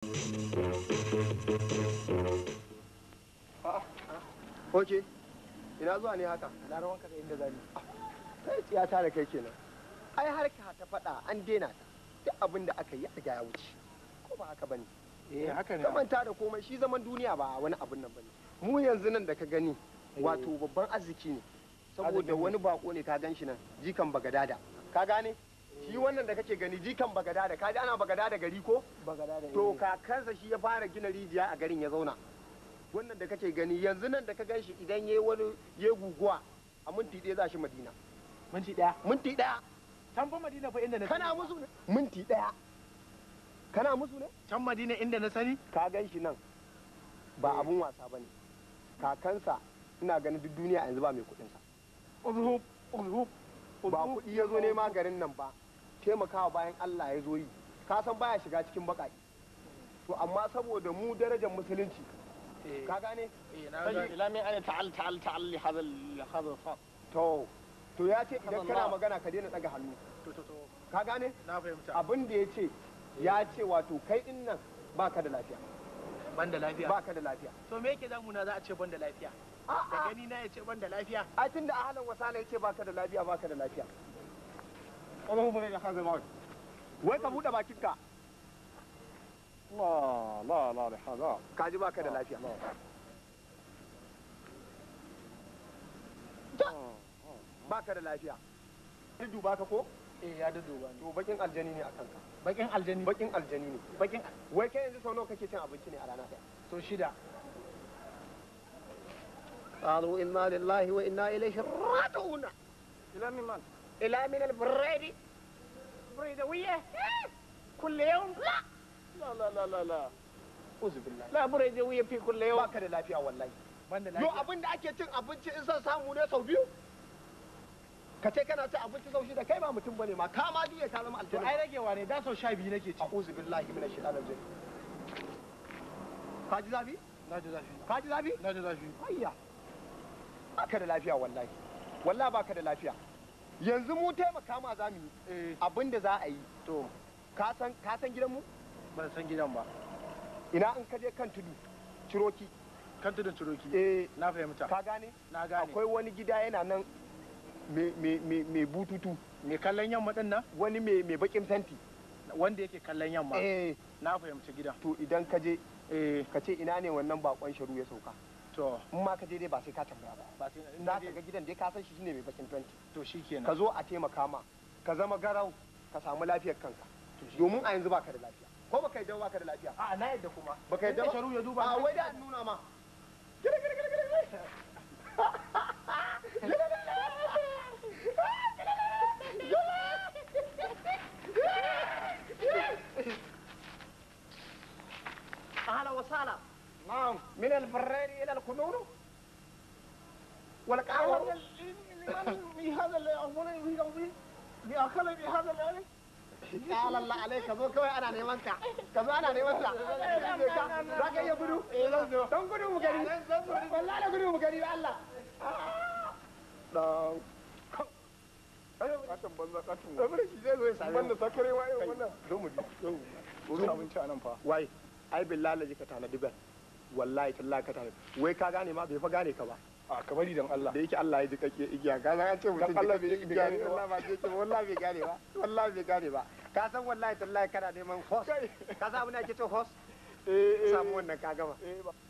Ah, ah. Oke, ina zuwa ne haka? Na rawan ka da inda zani. Ah, kai tsiya ta da kai kenan. Ai harka ta faɗa an dena ta. Duk abin da aka yi ya riga ya wuce. Ko ba haka bane? Eh, eh haka ne. Kamanta da komai shi zaman duniya ba wani abin nan bane. Mu yanzu nan da ka gani eh. wato babban arziki ne. Saboda wani bako ne ka gan shi nan jikan bagadada. Ka gane? shi wannan da kake gani jikan bagada da kaji ana bagada da gari ko bagada da to kakansa shi ya fara gina rijiya a garin ya zauna wannan da kake gani yanzu nan da ka gan shi idan ya wani ya guguwa a minti ɗaya za shi madina minti ɗaya minti ɗaya can fa madina fa inda na kana musu ne minti ɗaya kana musu ne can madina inda na sani ka gan shi nan ba eh. abun wasa bane kakansa ina ganin duk duniya yanzu ba mai kuɗinsa. sa ba kuɗi ya zo nema garin nan ba taimakawa bayan Allah ya zo yi ka san baya shiga cikin baƙaƙi to amma saboda mu darajar musulunci eh. ka gane eh, ila mai ana ta'al ta'al ta'al li li hadal fa to to ya ce idan kana magana ka daina daga hannu to to ka gane na fahimta abin da ya ce ya eh. ce wato kai din nan baka da lafiya ban da lafiya baka da lafiya to me yake na za a ce ban da lafiya da gani na yace ban da lafiya a tun da ahalan wasala yace baka da lafiya baka da lafiya Allahu bane da kaza mawai wai ka bude bakinka la la la la haza kaji baka da lafiya baka da lafiya dudu baka ko eh ya dudu ba to bakin aljani ne akan ka bakin aljani bakin aljani ne bakin wai kai yanzu sau nawa kake cin abinci ne a rana daya to shida قالوا إنا لله وإنا إليه راجعون إلى من من؟ إلى من البريد بريدوية كل يوم لا لا لا لا لا لا لا بريدوية في كل يوم باكر لا في أول يو da ake cin abinci in san samu ne sau biyu ka ce kana cin abinci sau shida kai ba mutum bane ma ka ma duya ta zama aljanna ai ragewa ne da sau sha biyu nake ci A billahi minash shaitanir rajim ka ji zafi na ji zafi ka baka da lafiya wallahi wallahi baka da lafiya yanzu mu taimaka ma za mu yi eh. abin da za a yi to ka san ka san gidan mu ban san gidan ba ina in ka je kan tudu ciroki kan tudun ciroki eh na fahimta ka gane na gane akwai wani gida yana nan mai bututu mai kallon yamma din nan wani mai bakin fenti wanda yake kallon yamma eh na fahimci gidan to idan ka je eh ka ce ina ne wannan bakon sharu ya sauka to in ma ka je dai ba sai ka tambaya ba na ka ga gidan dai ka san shi shine mai bakin 20 to shikenan ka zo a taimaka ma ka zama garau ka samu lafiyar kanka domin a yanzu ba ka da lafiya ko baka ba ka da lafiya a na yadda kuma baka yadda ba sharu ya duba a wai da nuna ma البراري إلى الكنون والقعور kawai ana neman ka ka zo ana neman sa za ka iya gudu don gudu mu gari wallahi gudu mu gari Allah dan a nan fa ka tanadi ban wallahi tallahi ka tafi wai ka gane ma bai fa gane ka ba a kamar idan Allah da yake Allah ya ji kake igiya ga an ce mutum Allah bai gane ba Allah ba zai ce wallahi bai gane ba wallahi bai gane ba ka san wallahi tallahi kana neman host ka san abin da ake ce host eh, eh. samu wannan ka gama eh ba